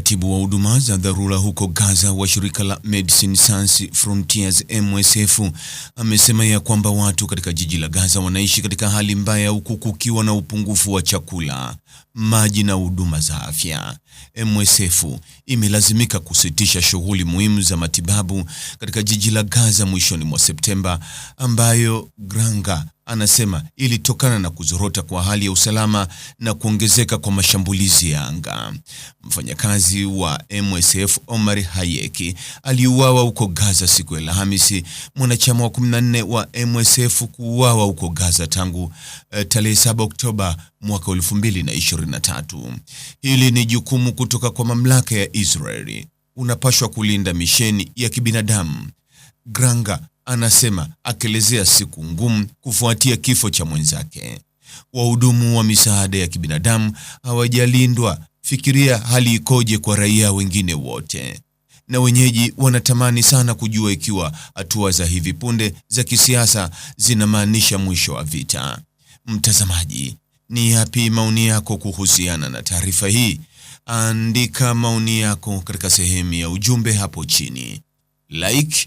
Katibu wa huduma za dharura huko Gaza wa shirika la Medecins Sans Frontieres MSF amesema ya kwamba watu katika jiji la Gaza wanaishi katika hali mbaya huku kukiwa na upungufu wa chakula, maji na huduma za afya. MSF imelazimika kusitisha shughuli muhimu za matibabu katika jiji la Gaza mwishoni mwa Septemba ambayo Granga anasema ilitokana na kuzorota kwa hali ya usalama na kuongezeka kwa mashambulizi ya anga. Mfanyakazi wa MSF Omar Hayeki aliuawa huko Gaza siku ya Alhamisi, mwanachama wa 14 wa MSF kuuawa huko Gaza tangu eh, tarehe 7 Oktoba mwaka 2023. Hili ni jukumu kutoka kwa mamlaka ya Israeli. Unapashwa kulinda misheni ya kibinadamu. Granga anasema akielezea siku ngumu kufuatia kifo cha mwenzake. Wahudumu wa misaada ya kibinadamu hawajalindwa. Fikiria hali ikoje kwa raia wengine wote. Na wenyeji wanatamani sana kujua ikiwa hatua za hivi punde za kisiasa zinamaanisha mwisho wa vita. Mtazamaji, ni yapi maoni yako kuhusiana na taarifa hii? Andika maoni yako katika sehemu ya ujumbe hapo chini. Like